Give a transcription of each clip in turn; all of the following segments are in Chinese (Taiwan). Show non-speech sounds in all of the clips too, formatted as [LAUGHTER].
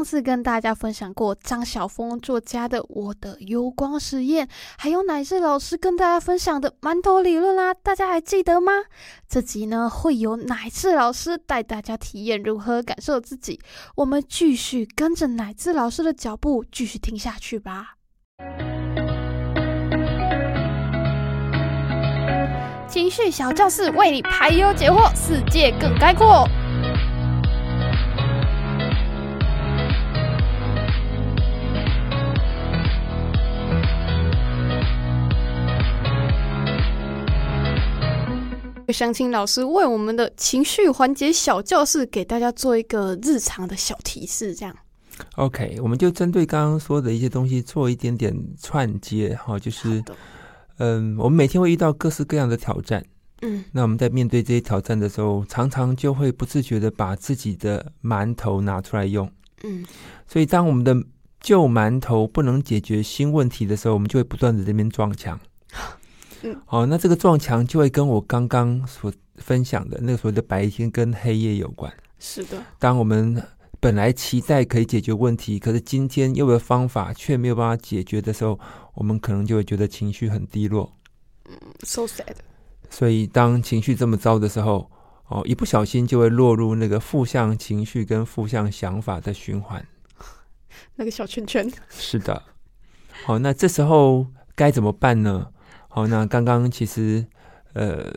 上次跟大家分享過張曉峰作家的《我的幽光實驗》，還有乃誌老師跟大家分享的饅頭理論啦、啊，大家還記得嗎？這集呢，會由乃誌老師帶大家體驗如何感受自己，我們繼續跟着乃誌老師的腳步繼續聽下去吧。情緒小教室為你排憂解惑，世界更開闊。想請老師為我們的情緒緩解小教室給大家做一個日常的小提示，這樣。OK，我們就針對剛剛說的一些東西做一點點串接哈，就是，的嗯，我們每天會遇到各式各樣的挑戰，嗯，那我們在面對這些挑戰的時候，常常就會不自覺的把自己的饅頭拿出來用，嗯，所以當我們的舊饅頭不能解決新問題的時候，我們就會不斷的在這邊撞牆。嗯、哦，那這個撞牆就會跟我剛剛所分享的那個所謂的白天跟黑夜有關。是的，當我們本來期待可以解決問題，可是今天又有方法卻沒有辦法解決的時候，我們可能就會覺得情緒很低落。嗯，so sad。所以當情緒這麼糟的時候，哦，一不小心就會落入那個負向情緒跟負向想法的循環，那個小圈圈。是的，好、哦，那這時候該怎麼辦呢？好，那剛剛其實，呃，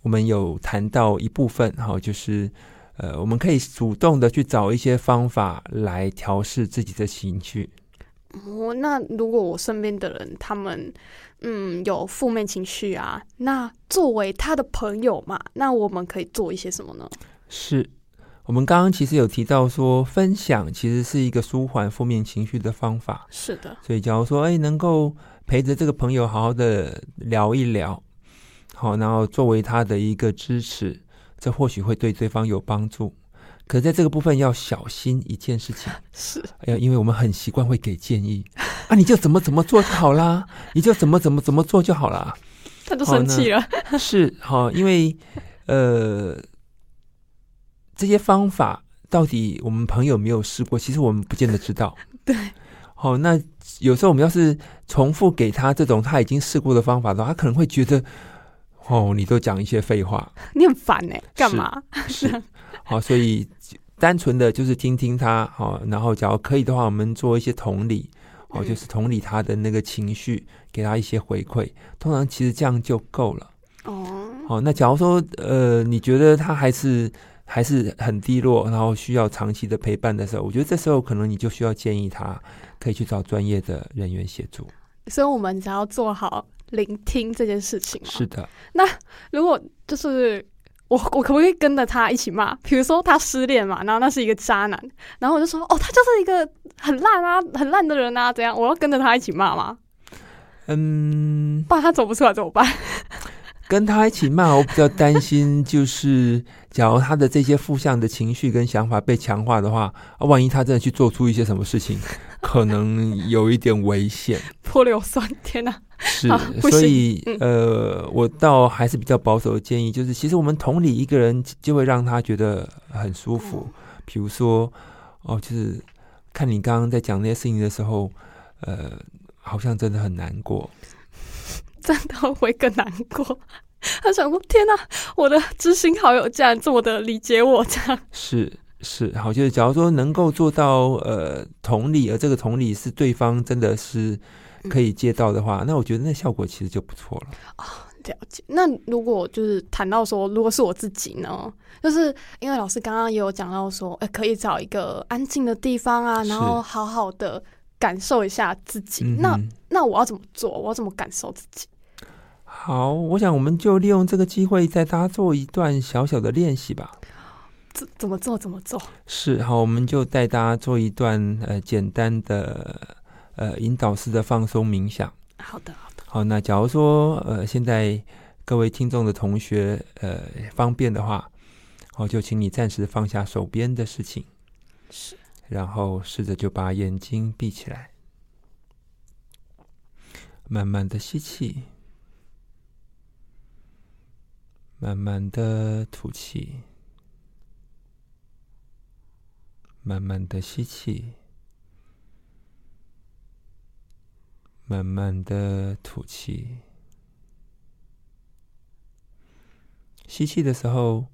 我們有談到一部分哈，就是，呃，我們可以主動的去找一些方法來調適自己的情緒。哦，那如果我身邊的人他們嗯有負面情緒啊，那作為他的朋友嘛，那我們可以做一些什麼呢？是我們剛剛其實有提到說，分享其實是一個舒緩負面情緒的方法。是的，所以假如說，哎，能夠。陪着這個朋友好好的聊一聊，好，然後作為他的一個支持，這或許會對對方有幫助。可在這個部分要小心一件事情，是，哎呀，因為我們很習慣會給建議 [LAUGHS] 啊，你就怎麼怎麼做就好啦，你就怎麼怎麼怎麼做就好啦。他都生氣了。是，好，因為，呃，這些方法到底我們朋友沒有試過，其實我們不見得知道。 [LAUGHS] 對。哦，那有時候我們要是重複給他這種他已經試過的方法的話，他可能會覺得哦，你都講一些廢話，你很煩呢、欸，幹嘛？是，是，好、 [LAUGHS] 哦，所以單純的就是聽聽他，好、哦，然後，假如可以的話，我們做一些同理，嗯、哦，就是同理他的那個情緒，給他一些回饋。通常其實這樣就夠了。哦，哦，那假如說呃，你覺得他還是還是很低落，然後需要長期的陪伴的時候，我覺得這時候可能你就需要建議他。可以去找專業的人員協助，所以我們只要做好聆聽這件事情。是的，那如果就是我，我可不可以跟着他一起罵？比如說他失戀嘛，然後那是一個渣男，然後我就說哦，他就是一個很爛啊、很爛的人啊，怎樣？我要跟着他一起罵嗎？嗯，不然他走不出來怎麼辦？跟他一起罵，我比較擔心，就是假如他的這些負向的情緒跟想法被強化的話，啊，萬一他真的去做出一些什麼事情，可能有一點危險。潑硫酸，天吶。是，所以呃，我倒還是比較保守的建議，就是其實我們同理一個人，就會讓他覺得很舒服。比如說，哦，就是看你剛剛在講那些事情的時候，呃，好像真的很難過。 [LAUGHS] 真的會更難過。 [LAUGHS] 他想過，天哪、啊，我的知心好友竟然這麼的理解我，這樣是是。好，就是假如說能夠做到呃同理，而這個同理是對方真的是可以接到的話，嗯、那我覺得那效果其實就不錯了、哦。了解。那如果就是談到說，如果是我自己呢？就是因為老師剛剛也有講到說，呃、欸，可以找一個安靜的地方啊，然後好好的感受一下自己。是那、嗯、哼那我要怎麼做？我要怎麼感受自己？好，我想我們就利用這個機會，帶大家做一段小小的練習吧。怎怎麼做？怎麼做？是好，我們就帶大家做一段呃簡單的呃引導式的放鬆冥想。好的，好的。好，那假如說呃現在各位聽眾的同學呃方便的話，好就請你暫時放下手邊的事情，是，然後試着就把眼睛閉起來，慢慢地吸氣。慢慢的吐氣，慢慢的吸氣，慢慢的吐氣。吸氣的時候，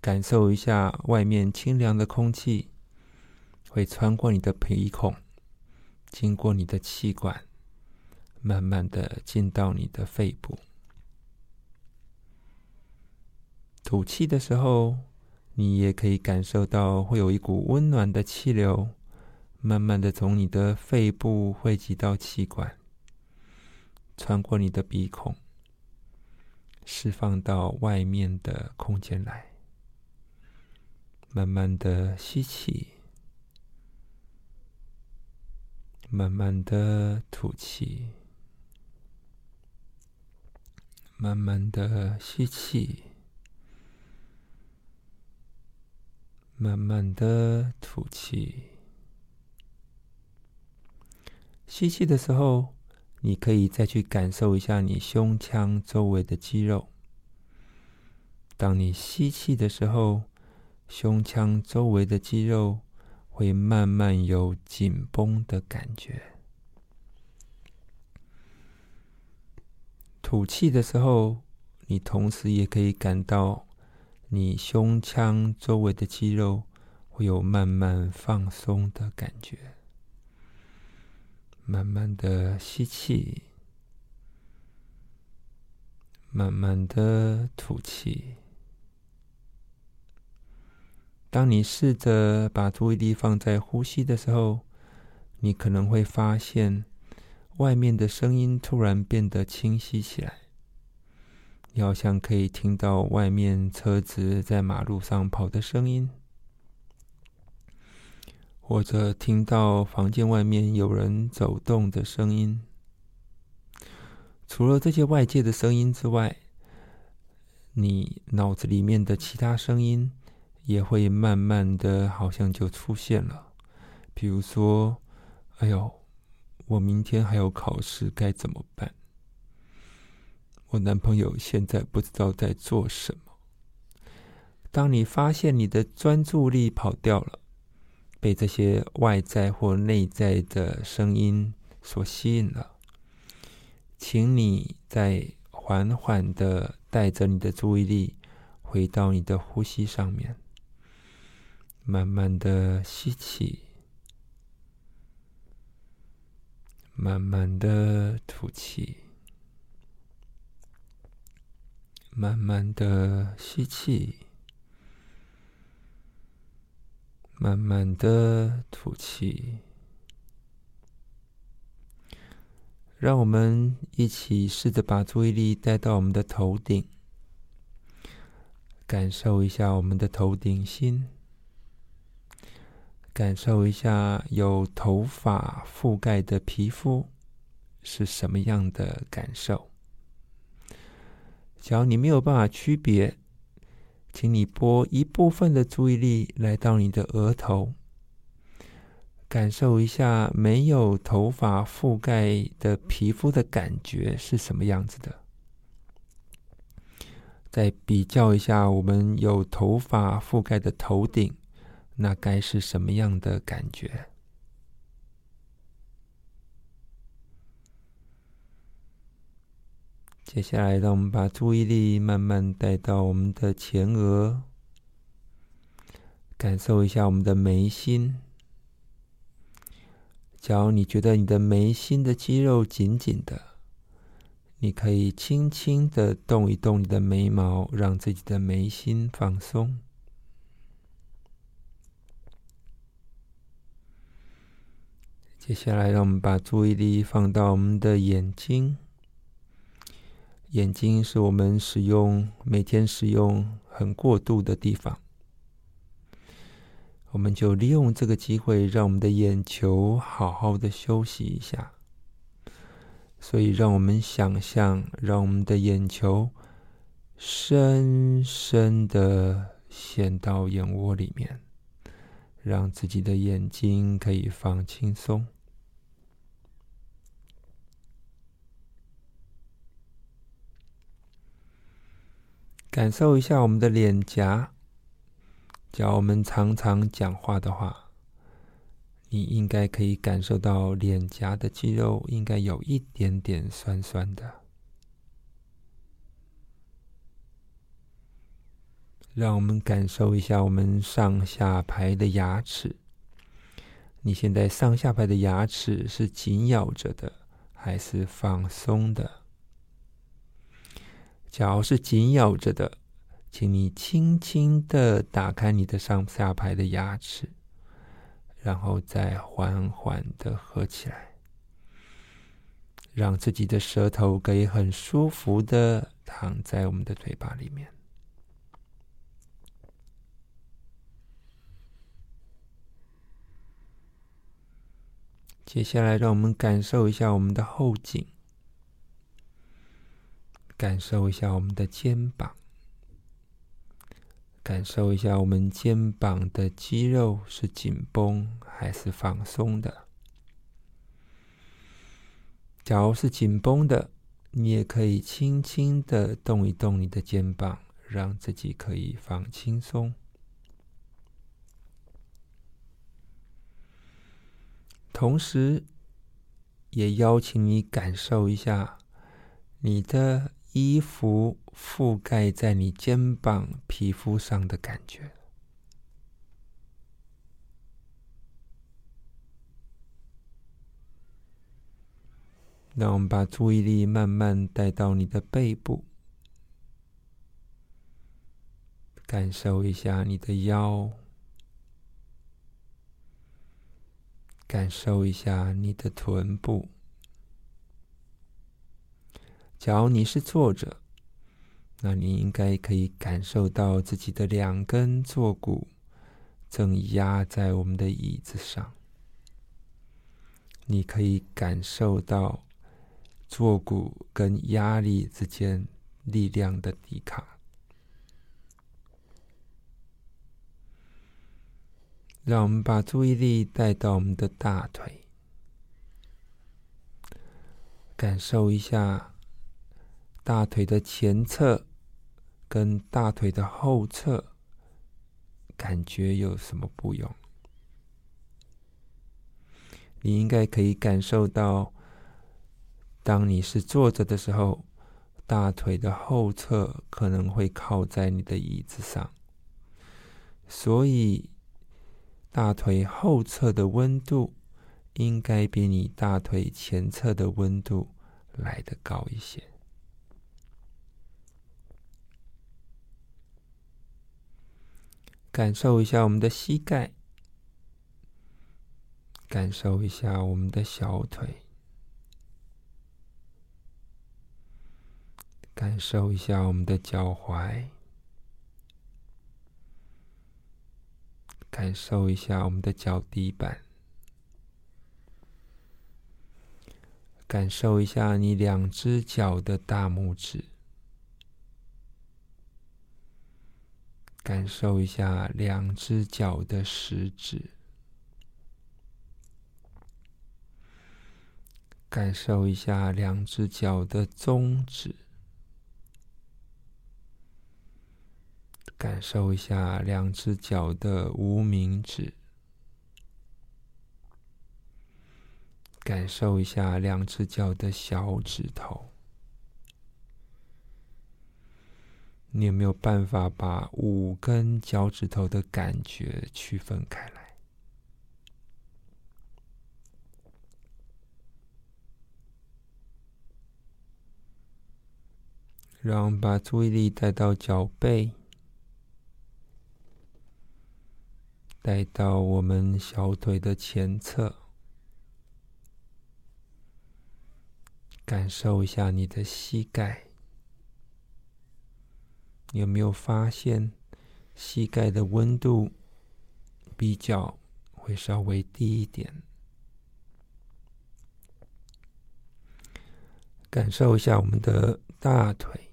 感受一下外面清涼的空氣，會穿過你的鼻孔，經過你的氣管，慢慢的進到你的肺部。吐氣的時候，你也可以感受到會有一股溫暖的氣流，慢慢的從你的肺部匯集到氣管，穿過你的鼻孔，釋放到外面的空間來。慢慢的吸氣，慢慢的吐氣，慢慢的吸氣。慢慢的吐氣，吸氣的時候，你可以再去感受一下你胸腔周圍的肌肉。當你吸氣的時候，胸腔周圍的肌肉會慢慢有緊繃的感覺。吐氣的時候，你同時也可以感到。你胸腔周圍的肌肉會有慢慢放鬆的感覺。慢慢的吸氣，慢慢的吐氣。當你試着把注意力放在呼吸的時候，你可能會發現外面的聲音突然變得清晰起來。好像可以聽到外面車子在馬路上跑的聲音，或者聽到房間外面有人走動的聲音。除了這些外界的聲音之外，你腦子裡面的其他聲音也會慢慢的，好像就出現了。比如說，哎呦，我明天還有考試，該怎麼辦？我男朋友現在不知道在做什麼。當你發現你的專注力跑掉了，被這些外在或內在的聲音所吸引了，請你再緩緩的帶着你的注意力回到你的呼吸上面，慢慢的吸氣，慢慢的吐氣。慢慢的吸氣，慢慢的吐氣。讓我們一起試着把注意力帶到我們的頭頂，感受一下我們的頭頂心，感受一下有頭髮覆蓋的皮膚是什麼樣的感受。只要你沒有辦法區別，請你撥一部分的注意力來到你的額頭，感受一下沒有頭髮覆蓋的皮膚的感覺是什麼樣子的。再比較一下，我們有頭髮覆蓋的頭頂，那該是什麼樣的感覺？接下來，讓我們把注意力慢慢帶到我們的前額，感受一下我們的眉心。假如你覺得你的眉心的肌肉緊緊的，你可以輕輕的動一動你的眉毛，讓自己的眉心放鬆。接下來，讓我們把注意力放到我們的眼睛。眼睛是我們使用，每天使用很過度的地方，我們就利用這個機會，讓我們的眼球好好的休息一下。所以，讓我們想象讓我們的眼球深深的陷到眼窩裡面，讓自己的眼睛可以放輕鬆。感受一下我們的臉頰，只要我們常常講話的話，你應該可以感受到臉頰的肌肉應該有一點點酸酸的。讓我們感受一下我們上下排的牙齒，你現在上下排的牙齒是緊咬着的，還是放鬆的？腳是緊咬着的，請你輕輕的打開你的上下排的牙齒，然後再緩緩的合起來，讓自己的舌頭可以很舒服的躺在我們的嘴巴裡面。接下來，讓我們感受一下我們的後頸。感受一下我們的肩膀，感受一下我們肩膀的肌肉是緊繃還是放鬆的。假如是緊繃的，你也可以輕輕的動一動你的肩膀，讓自己可以放輕鬆。同時，也邀請你感受一下你的衣服覆蓋在你肩膀皮膚上的感覺。那我們把注意力慢慢帶到你的背部，感受一下你的腰，感受一下你的臀部。假如你是坐着，那你應該可以感受到自己的兩根坐骨正壓在我們的椅子上。你可以感受到坐骨跟壓力之間力量的抵抗。讓我們把注意力帶到我們的大腿，感受一下。大腿的前側跟大腿的後側感覺有什麼不同？你應該可以感受到，當你是坐着的時候，大腿的後側可能會靠在你的椅子上，所以大腿後側的溫度應該比你大腿前側的溫度來得高一些。感受一下我們的膝蓋，感受一下我們的小腿，感受一下我們的腳踝，感受一下我們的腳底板，感受一下你兩隻腳的大拇指。感受一下兩隻腳的食指，感受一下兩隻腳的中指，感受一下兩隻腳的無名指，感受一下兩隻腳的小指頭。你有沒有辦法把五根腳趾頭的感覺區分開來？讓我們把注意力帶到腳背，帶到我們小腿的前側，感受一下你的膝蓋。你有沒有發現膝蓋的溫度比較會稍微低一點？感受一下我們的大腿，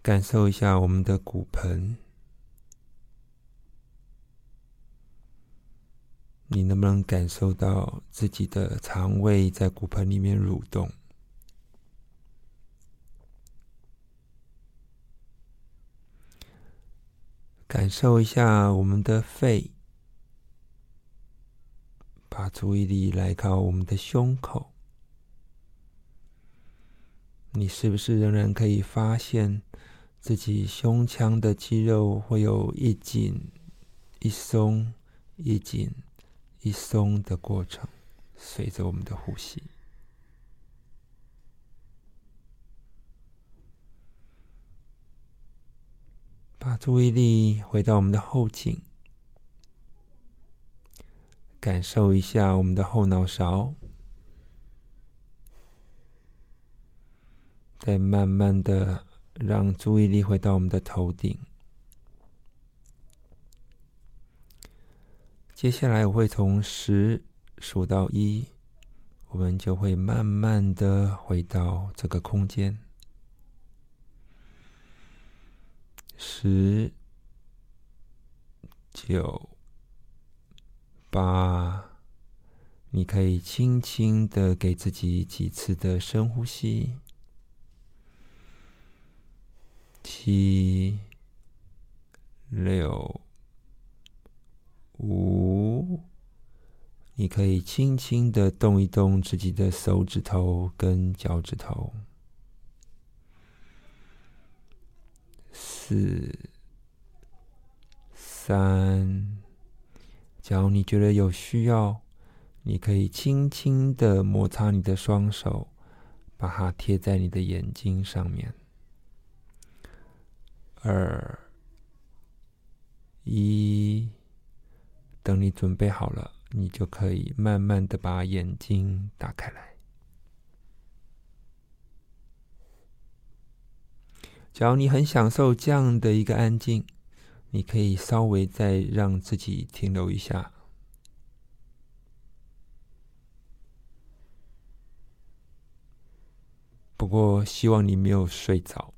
感受一下我們的骨盆。你能不能感受到自己的腸胃在骨盆裡面蠕動？感受一下我們的肺，把注意力來到我們的胸口。你是不是仍然可以發現自己胸腔的肌肉會有一緊一鬆、一緊一鬆的過程，隨着我們的呼吸？把，啊，注意力回到我們的後頸，感受一下我們的後腦勺，再慢慢的讓注意力回到我們的頭頂。接下來我會從十數到一，我們就會慢慢的回到這個空間。十、九、八，你可以輕輕的給自己幾次的深呼吸。七、六、五，你可以輕輕的動一動自己的手指頭跟腳趾頭。四三，假如你覺得有需要，你可以輕輕的摩擦你的雙手，把它貼在你的眼睛上面。二一，等你準備好了，你就可以慢慢的把眼睛打開來。只要你很享受這樣的一個安靜，你可以稍微再讓自己停留一下。不過希望你沒有睡着。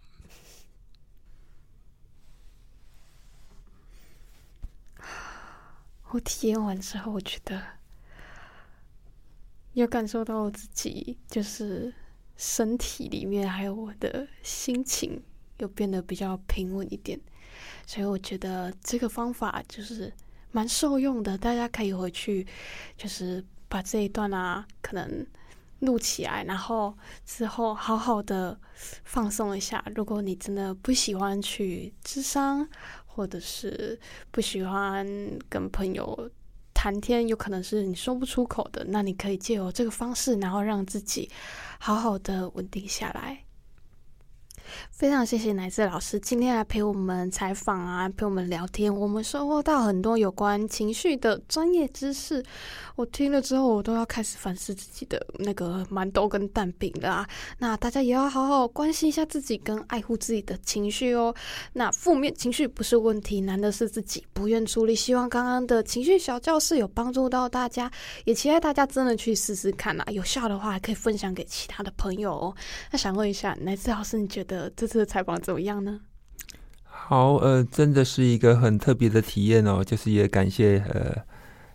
我體驗完之後，我覺得，有感受到我自己就是身體裡面，還有我的心情，就變得比較平穩一點，所以我覺得這個方法就是蠻受用的。大家可以回去，就是把這一段啊，可能錄起來，然後之後好好的放鬆一下。如果你真的不喜歡去諮商，或者是不喜歡跟朋友談天，有可能是你說不出口的，那你可以借由這個方式，然後讓自己好好的穩定下來。非常謝謝乃誌老師今天來陪我們採訪啊，陪我們聊天，我們收穫到很多有關情緒的專業知識。我聽了之後，我都要開始反思自己的那個饅頭跟蛋餅啦、啊。那大家也要好好關心一下自己，跟愛護自己的情緒哦。那負面情緒不是問題，難的是自己不願處理。希望剛剛的情緒小教室有幫助到大家，也期待大家真的去試試看啊，有效的話還可以分享給其他的朋友哦。那想問一下，乃誌老師，你覺得？這次的採訪怎麼樣呢？好，呃，真的是一個很特別的體驗哦。就是也感謝呃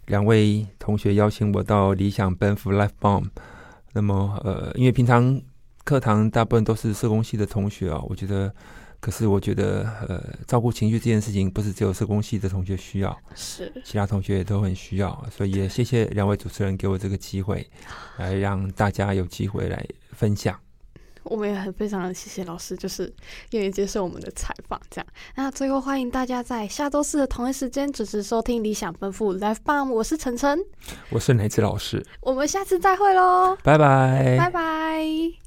兩位同學邀請我到理想奔赴 Life Bomb。那麼，呃，因為平常課堂大部分都是社工系的同學啊、哦，我覺得，可是我覺得，呃，照顧情緒這件事情不是只有社工系的同學需要，是其他同學也都很需要。所以也謝謝兩位主持人給我這個機會，對來讓大家有機會來分享。我們也很非常的謝謝老師，就是願意接受我們的採訪，這樣。那最後歡迎大家在下周四的同一時間準時收聽《理想奔赴》Life Bomb，我是陳陳，我是乃誌老師，我們下次再會嘍，拜拜 bye，拜拜。